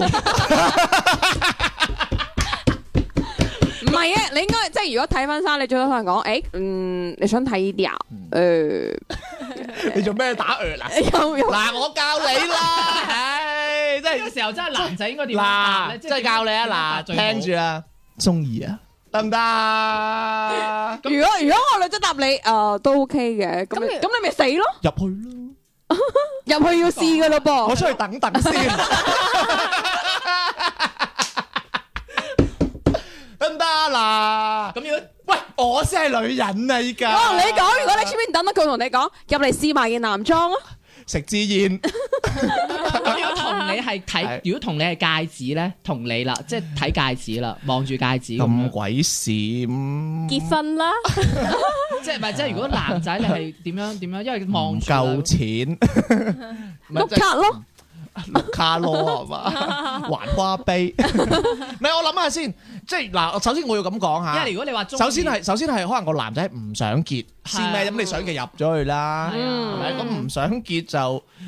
唔係啊，你應該即係如果睇婚紗，你最多可能講，誒，嗯，你想睇呢啲啊？誒，你做咩打嗱，我教你啦，係，真係呢個時候真係男仔應該點嗱，咧？即係教你啊，嗱，聽住啊！中意啊。得唔得？如果如果我女仔答你，誒，都 OK 嘅。咁咁你咪死咯，入去咯，入去要試噶咯噃。我出去等等先。得唔得嗱？咁樣，喂，我先係女人啊！依家我同你講，如果你出邊等得，佢同你講，入嚟試埋件男裝咯。食支煙， 如果同你係睇，如果同你係戒指咧，同你啦，即係睇戒指啦，望住戒指。咁鬼閃，結婚啦！即係唔即係如果男仔你係點樣點樣？因為望夠夠錢，碌卡咯，碌卡咯係嘛？還花唄，咪我諗下先。即係嗱，首先我要咁講下。因為如果你話，首先係首先係可能個男仔唔想結先咩咁，你想嘅入咗去啦，係咪？咁唔想結就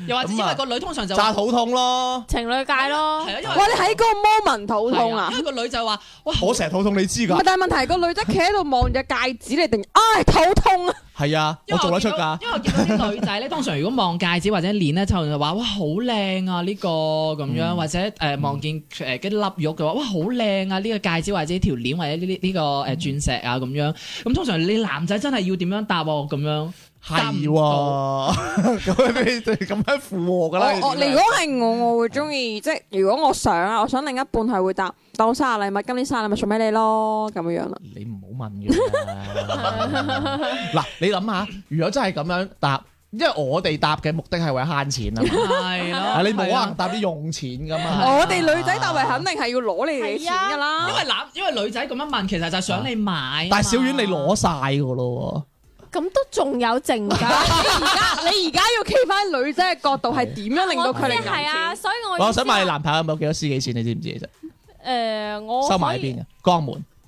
又或者因為個女通常就扎肚痛咯，情侶戒咯。係啊，因為你喺嗰個 moment 肚痛啊。因為個女就話：哇，我成日肚痛，你知㗎。但係問題個女仔企喺度望住戒指你定，唉，肚痛啊！係啊，我做得出㗎。因為見到啲女仔咧，通常如果望戒指或者鏈咧，就話哇，好靚啊呢個咁樣，或者誒望見誒嗰啲粒玉嘅話，哇，好靚啊呢個戒指。或者條鏈或者呢呢呢個誒鑽石啊咁樣，咁通常你男仔真係要點樣答我？咁樣係，啊，咁 樣咁我樣附和噶啦。如果係我，我會中意，即係如果我想啊，我想另一半係會答當生日禮物，今年生日禮物送俾你咯，咁樣啦。你唔好問嘅。嗱，你諗下，如果真係咁樣答。因為我哋搭嘅目的係為慳錢啊，係咯，你冇可能搭啲用錢噶嘛。我哋女仔搭係肯定係要攞你嘅錢噶啦。因為男，因為女仔咁樣問，其實就想你買。但係小丸你攞晒噶咯，咁都仲有剩噶。你而家你而家要企翻女仔嘅角度，係點樣令到佢哋係啊？所以我想問你，男朋友有冇幾多私己錢，你知唔知其實？誒，我收埋喺邊江門。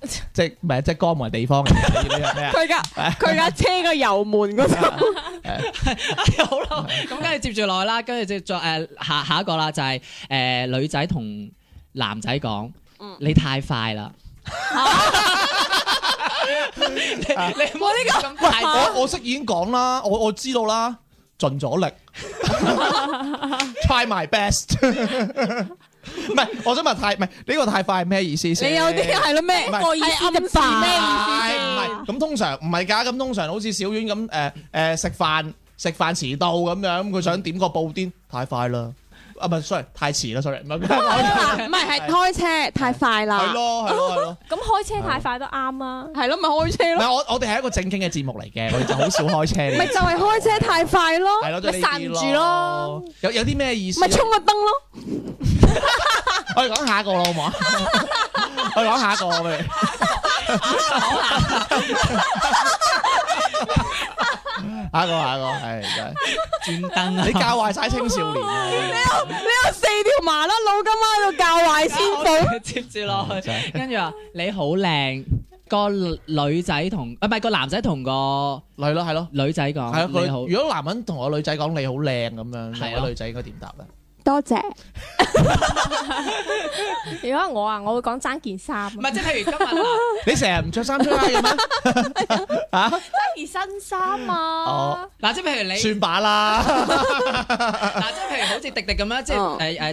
即係唔係？即係江門地方嘅，佢架佢架車個油門嗰度， 係咯。咁跟住接住來啦，跟住接再誒下下一個啦，就係誒女仔同男仔講，你太快啦。你你我呢個，咁快。 我我識已經講啦，我我，我知道啦，盡咗力 ，try my best。 唔係，我想問太唔係呢個太快係咩意思？你有啲係咯咩？唔係暗示咩意思？係唔係咁通常唔係噶，咁通常好似小丸咁，誒誒，食飯食飯遲到咁樣，佢想點個布甸？太快啦，啊唔係 sorry，太遲啦 sorry，唔係唔係，係開車太快啦。係咯，係咯，係咯，咁開車太快都啱啊，係咯，咪開車咯。我我哋係一個正經嘅節目嚟嘅，我哋就好少開車。咪就係開車太快咯，係咯，你剎唔住咯。有有啲咩意思？咪衝個燈咯。我哋講下一個咯，好唔好？我哋講下一個，畀你。下一個，下一個，係真係。轉登，你教壞晒青少年。你有你有四條麻甩佬，今晚喺度教壞先輩，接住落去。跟住話你好靚，個女仔同啊唔係個男仔同個女。係咯係咯。女仔講你好，如果男人同個女仔講你好靚咁樣，個女仔應該點答咧？多謝。 如果我啊，我會講爭件衫。唔係，即係譬如今日啦。 你成日唔着衫出街咁啊？生生啊，而新衫啊。哦，嗱，即係譬如你。算把吧啦。嗱，即係譬如好似迪迪咁樣，哦、即係誒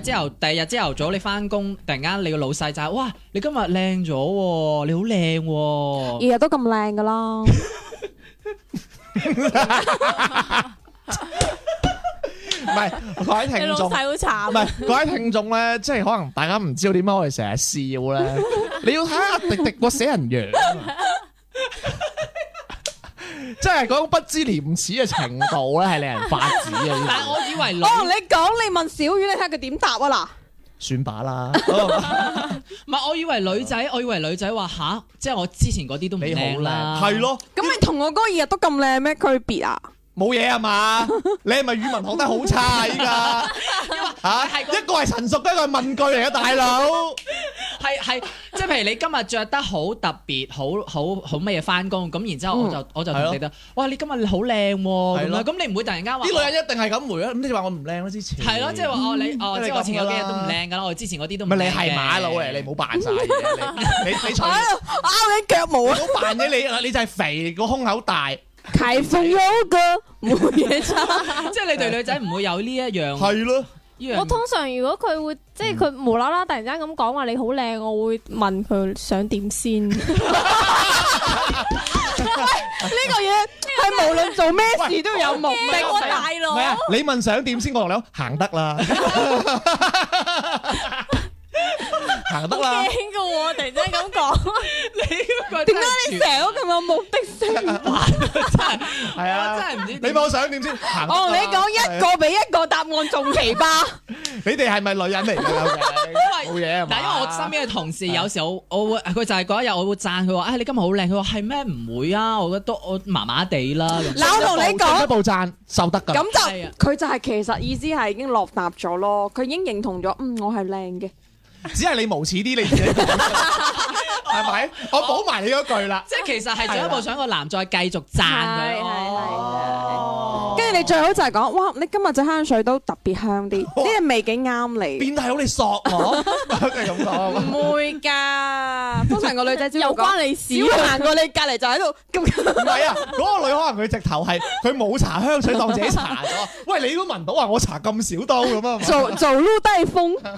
誒，朝頭第二日朝頭早上你翻工，突然間你個老細就哇，你今日靚咗，你好靚、哦。日日都咁靚噶咯。 唔係各位聽眾，你老細好慘。唔係各位聽眾咧，即係可能大家唔知道點解我哋成日笑咧。 你要睇下迪迪個死人樣，即係嗰種不知廉恥嘅程度咧，係令 人髮指嘅。但係我以為，哦，你講你問小雨，你睇下佢點答啊嗱？算罷啦。唔係，我以為女仔，我以為女仔話吓，即係我之前嗰啲都靚啦，係咯。咁你的同我哥二日都咁靚，咩區別啊？冇嘢吖嘛？你係咪語文學得好差啊？依家嚇，一個係陳述，一個係問句嚟嘅大佬。係係，即係譬如你今日着得好特別，好好好乜嘢翻工咁，然之後我就我就同你得，哇！你今日好靚喎，咁你唔會突然間話呢女人一定係咁回啊？咁你話我唔靚咯？之前係咯，即係話我你哦，之前有幾日都唔靚噶啦，我之前嗰啲都唔靚。你係馬佬嚟，你冇扮晒，你你除你我腳毛啊，冇扮你你你就係肥個胸口大。開封 l o g 冇嘢差，即係你對女仔唔會有呢一樣係咯 啊。我通常如果佢會即係佢無啦啦突然間咁講話你好靚，我會問佢想點先。呢個嘢係無論做咩事都有目、 喔、 的，大 佬。 你問想點先，我兩 行得啦行。 行得啦！驚噶，突然間咁講，你點解你成日都咁有目的性玩啊？真係係啊，真係唔知你冇想點先？哦，你講一個比一個答案仲奇葩。你哋係咪女人嚟噶？冇嘢係嘛？但係因為我身邊嘅同事，有時候我我會，佢就係嗰一日我會讚佢話，哎，你今日好靚。佢話係咩？唔會啊，我覺得都我麻麻地啦。嗱，我同你講，一步讚受得噶。咁就佢就係其實意思係已經落踏咗咯，佢已經認同咗，嗯，我係靚嘅。只係你無恥啲，你自己講，係咪？ 我補埋你嗰句啦。 即係其實係進一步想個男再繼續讚佢。跟住你最好就係講，哇！你今日隻香水都特別香啲，呢個哇味幾啱你。變態好。你索我，咁講唔會㗎。通常個女仔又 關你事，行過你隔離就喺度。咁唔係啊，嗰、嗰個女可能佢直頭係佢冇搽香水，當自己搽咗。喂，你都聞到啊！我搽咁少都咁啊。做做 低風，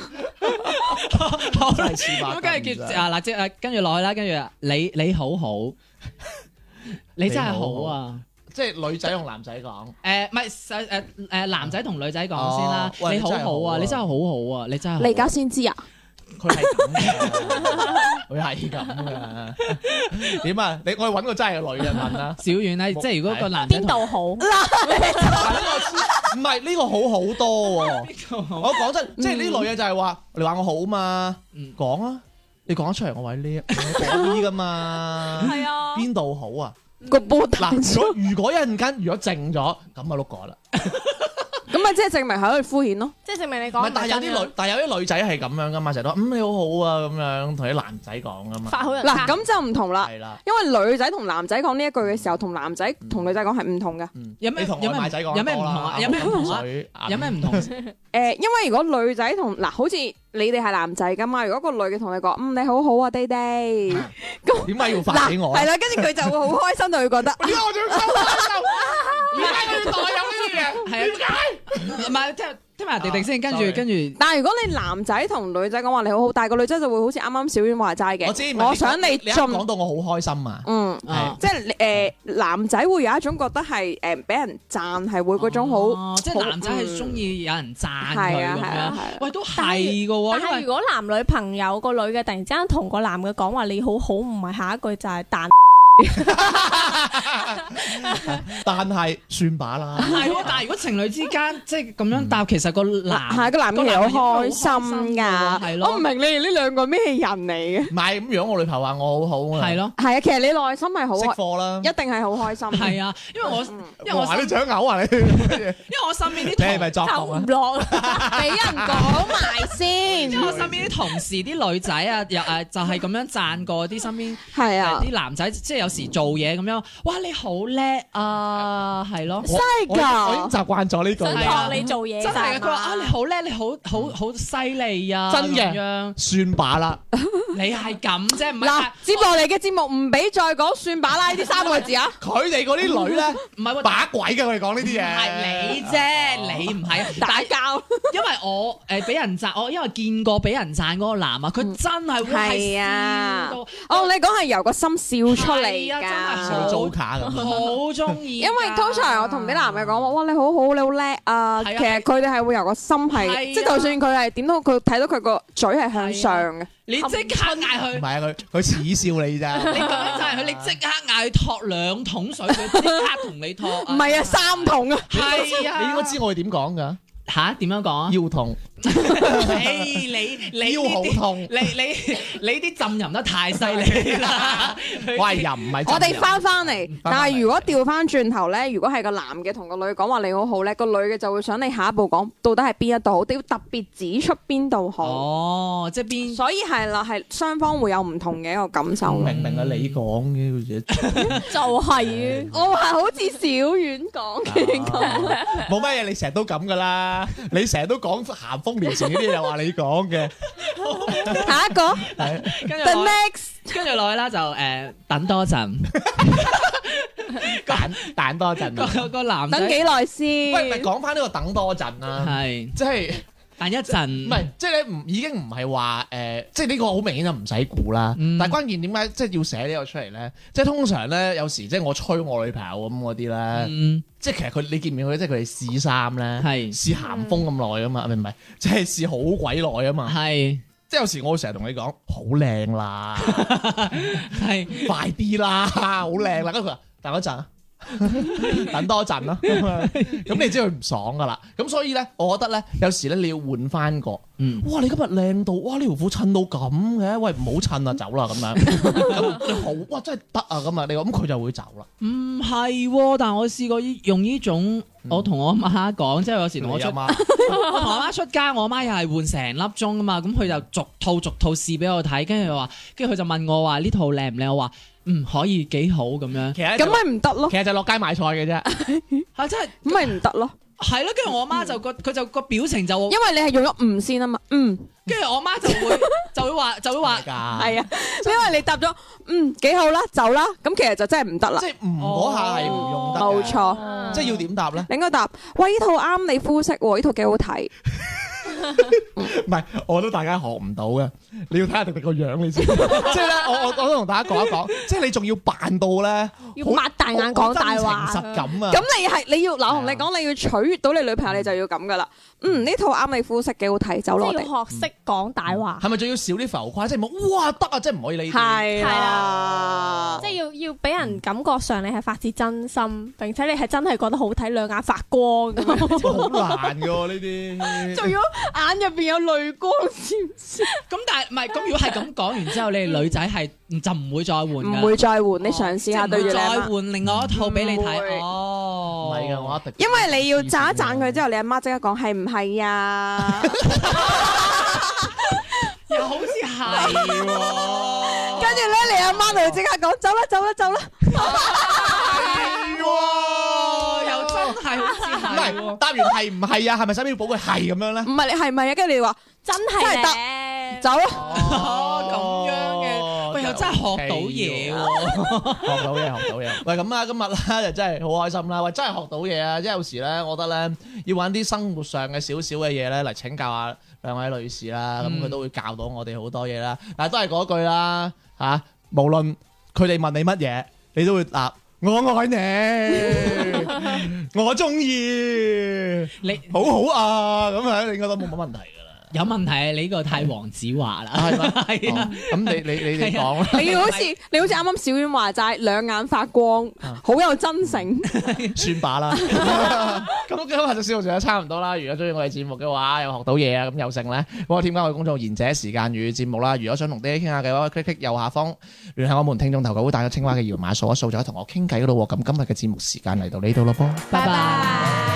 好嚟前排咁，梗係叫啊跟住落去啦。跟住你你好好，你真係好，好啊。即係女仔同男仔講，誒，唔係，誒，誒，男仔同女仔講先啦。你好好啊，你真係好好啊，你真係。你而家先知啊？佢係咁嘅，佢係咁嘅。點啊？你我去搵個真係女人問啦。小遠咧，即係如果個男人邊度好嗱，啦？唔係呢個好好多。我講真，即係呢女嘢就係話，你話我好嘛？講啊，你講得出嚟，我位呢我講啲噶嘛。係啊。邊度好啊？個波彈住。嗱，如果如果一陣間如果靜咗，咁啊碌過啦。咁咪，即係證明係可以敷衍咯，即係證明你講。但係有啲女，但係有啲女仔係咁樣噶嘛，成日都話嗯，你好好啊咁樣，同啲男仔講噶嘛。發好人。嗱，咁就唔同啦。係啦，因為女仔同男仔講呢一句嘅時候，同男仔同女仔講係唔同噶。有咩唔同？有咩唔同？有咩唔同啊？有咩唔同啊？有咩唔同？誒，因為如果女仔同嗱，好似。你哋係男仔噶嘛？如果個女嘅同你講，嗯，你好好啊，弟弟，咁點解要發俾我？係啦，跟住佢就會好開心，就會覺得點解我點收啊？點解你袋有呢啲嘅？係啊， 點解唔係聽？聽埋定定先，跟住跟住。但係如果你男仔同女仔講話你好好，但個女仔就會好似啱啱小婉話齋嘅。我知，我想你盡。講到我好開心啊！嗯，即係誒，男仔會有一種覺得係誒，俾人讚係會嗰種好，即係男仔係中意有人讚佢。係啊係啊係啊，喂，都係噶。但係如果男女朋友個女嘅突然之間同個男嘅講話你好好，唔係下一句就係彈。但係算把啦。係但係如果情侶之間即係咁樣答，其實個男係個男嘅好開心噶。係咯，我唔明你哋呢兩個咩人嚟嘅？唔係咁樣，我女朋友話我好好啊。係咯。係啊，其實你內心係好開。識貨啦，一定係好開心。係啊，因為我因為我你想嘔啊你。因為我身邊啲你係咪作惡啊？俾人講埋先。因為我身邊啲同事啲女仔啊，又誒就係咁樣讚過啲身邊係啊啲男仔，即係有。時做嘢咁樣，哇你好叻啊，係咯，犀噶，我已經習慣咗呢句，真學你做嘢，真係嘅。佢話啊你好叻，你好好好犀利啊，真嘅。算把啦，你係咁啫。唔係，嗱，接落嚟嘅節目唔俾再講算把啦呢啲三個字啊。佢哋嗰啲女咧，唔係把鬼嘅，佢哋講呢啲嘢。係你啫，你唔係打交，因為我誒俾人讚，我因為見過俾人讚嗰個男啊，佢真係會係笑到。哦，你講係由個心笑出嚟。係真係做卡咁，好中意。因為通常我同啲男嘅講話，哇你好好，你好叻啊。其實佢哋係會有個心係，即係就算佢係點都，佢睇到佢個嘴係向上嘅，你即刻嗌佢。唔係啊，佢佢恥笑你咋？你講得晒佢，你即刻嗌佢托兩桶水，佢即刻同你托。唔係啊，三桶啊。係啊，你應該知我會點講噶吓？點樣講啊？要同。 你你你腰好痛，你你你啲浸淫得太犀利啦！ 喂，又唔係我哋翻翻嚟，但係回來 如果調翻轉頭咧，如果係個男嘅同個女講話你好好咧，個的女嘅就會想你下一步講到底係邊一度好，要特別指出邊度好。哦，即係邊，所以係啦，係雙方會有唔同嘅一個感受。明明係你講嘅，就係、是、 我係好似小遠講嘅咁。冇乜嘢，你成日都咁噶啦，你成日都講咸當年成嗰啲又話你講嘅，下一個，跟住，the next，跟住落去啦，就、uh, 誒等多陣，等等多陣，個男等幾耐先？喂，講返呢個等多陣啦，係即係。是就是但一陣唔係，即係咧唔已經唔係話誒，即係呢個好明顯就唔使估啦。嗯、但係關鍵點解即係要寫呢個出嚟咧？即係通常咧有時即係我催我女朋友咁嗰啲咧，即係其實佢你見唔見佢即係佢哋試衫咧？係是 試鹹風咁耐啊嘛，係唔係？即係試好鬼耐啊嘛。係是、嗯、即係有時我會成日同你講好靚啦，係快啲啦，好靚啦。跟住佢話等我一陣。 等多陣啦，咁 你知佢唔爽噶啦，咁 所以咧，我覺得咧，有時咧你要換翻個，嗯，哇，哇，你今日靚到，哇，呢條褲襯到咁嘅，喂，唔好襯啊，走啦咁樣， 好，哇，真係得啊，咁啊，你咁佢就會走啦，唔係、嗯，但我試過用呢種。我同我阿媽講，即係有時同我出，媽我媽媽出街，我阿媽又係換成粒鐘啊嘛，咁佢就逐套逐套試俾我睇，跟住又話，跟住佢就問我話呢套靚唔靚？我話嗯可以幾好咁樣，咁咪唔得咯，其實就落、是、街買菜嘅啫，吓、 啊、真係，咁咪唔得咯。係咯，跟住、嗯、我媽就個佢、嗯、就個表情就，因為你係用咗唔、嗯、先啊嘛。嗯，跟住我媽就會 就會話就會話，係啊，因為你答咗嗯幾好啦，走啦，咁其實就真係唔得啦。即係唔嗰下係唔用得冇錯，嗯、即係要點答咧？答你應該答喂，依套啱你膚色喎，依套幾好睇。唔係， 我都大家學唔到嘅。你要睇下迪迪個樣你先。 即係咧，我我我都同大家講一講。 即係你仲要扮到咧，要擘大眼講大話。真情實感啊、 嗯！咁你係你要嗱，同你講你要取悅到你女朋友，你就要咁噶啦。嗯，呢套啱你膚色幾好睇，走落嚟，嗯。即要學識講大話。係咪仲要少啲浮誇？即係冇哇，得啊！即係唔可以理。啲。係啊，啊即係要要俾人感覺上你係發自真心，並且你係真係覺得好睇，兩眼發光咁。好、嗯、 難噶呢啲。仲要眼入邊有淚光先。咁 但係唔係？咁如果係咁講完之後， 你哋女仔係？就唔會再換，唔會再換。你嘗試下對住你阿媽，再換另外一套俾你睇。哦，唔係㗎，我因為你要贊一贊佢之後，你阿媽即刻講係唔係啊？又好似係喎。跟住咧，你阿媽就會即刻講走啦，走啦，走啦。係又真係好似係。唔係答完係唔係啊？係咪使唔要補佢？係咁樣咧？唔係，係唔係啊？跟住你話真係得，走啦。真係學到嘢喎，學到嘢學到嘢。喂，咁啊，今日咧就真係好開心啦。喂，真係學到嘢啊！即係有時咧，我覺得咧要揾啲生活上嘅少少嘅嘢咧嚟請教下兩位女士啦。咁佢都會教到我哋好多嘢啦。但係都係嗰句啦嚇，無論佢哋問你乜嘢，你都會答我愛你，我中意，你好好啊咁樣，你應該都冇乜問題。有問題係你個太王子話啦，係 咪？係、哦、啊，咁你你你 你講啦。你好似你好似啱啱小婉話齋，兩眼發光，啊、好有真誠。 算罷吧啦。咁 今日就笑住差唔多啦。如果中意我哋節目嘅話，又學到嘢啊，咁又剩咧，幫我添加我公眾號賢者時間與節目啦。如果想同爹哋傾下嘅話 c l 右下方聯繫我們聽眾投稿會帶咗青蛙嘅二維碼掃一掃就可以同我傾偈嗰度。咁今日嘅節目時間嚟到呢度咯噃，拜拜 bye。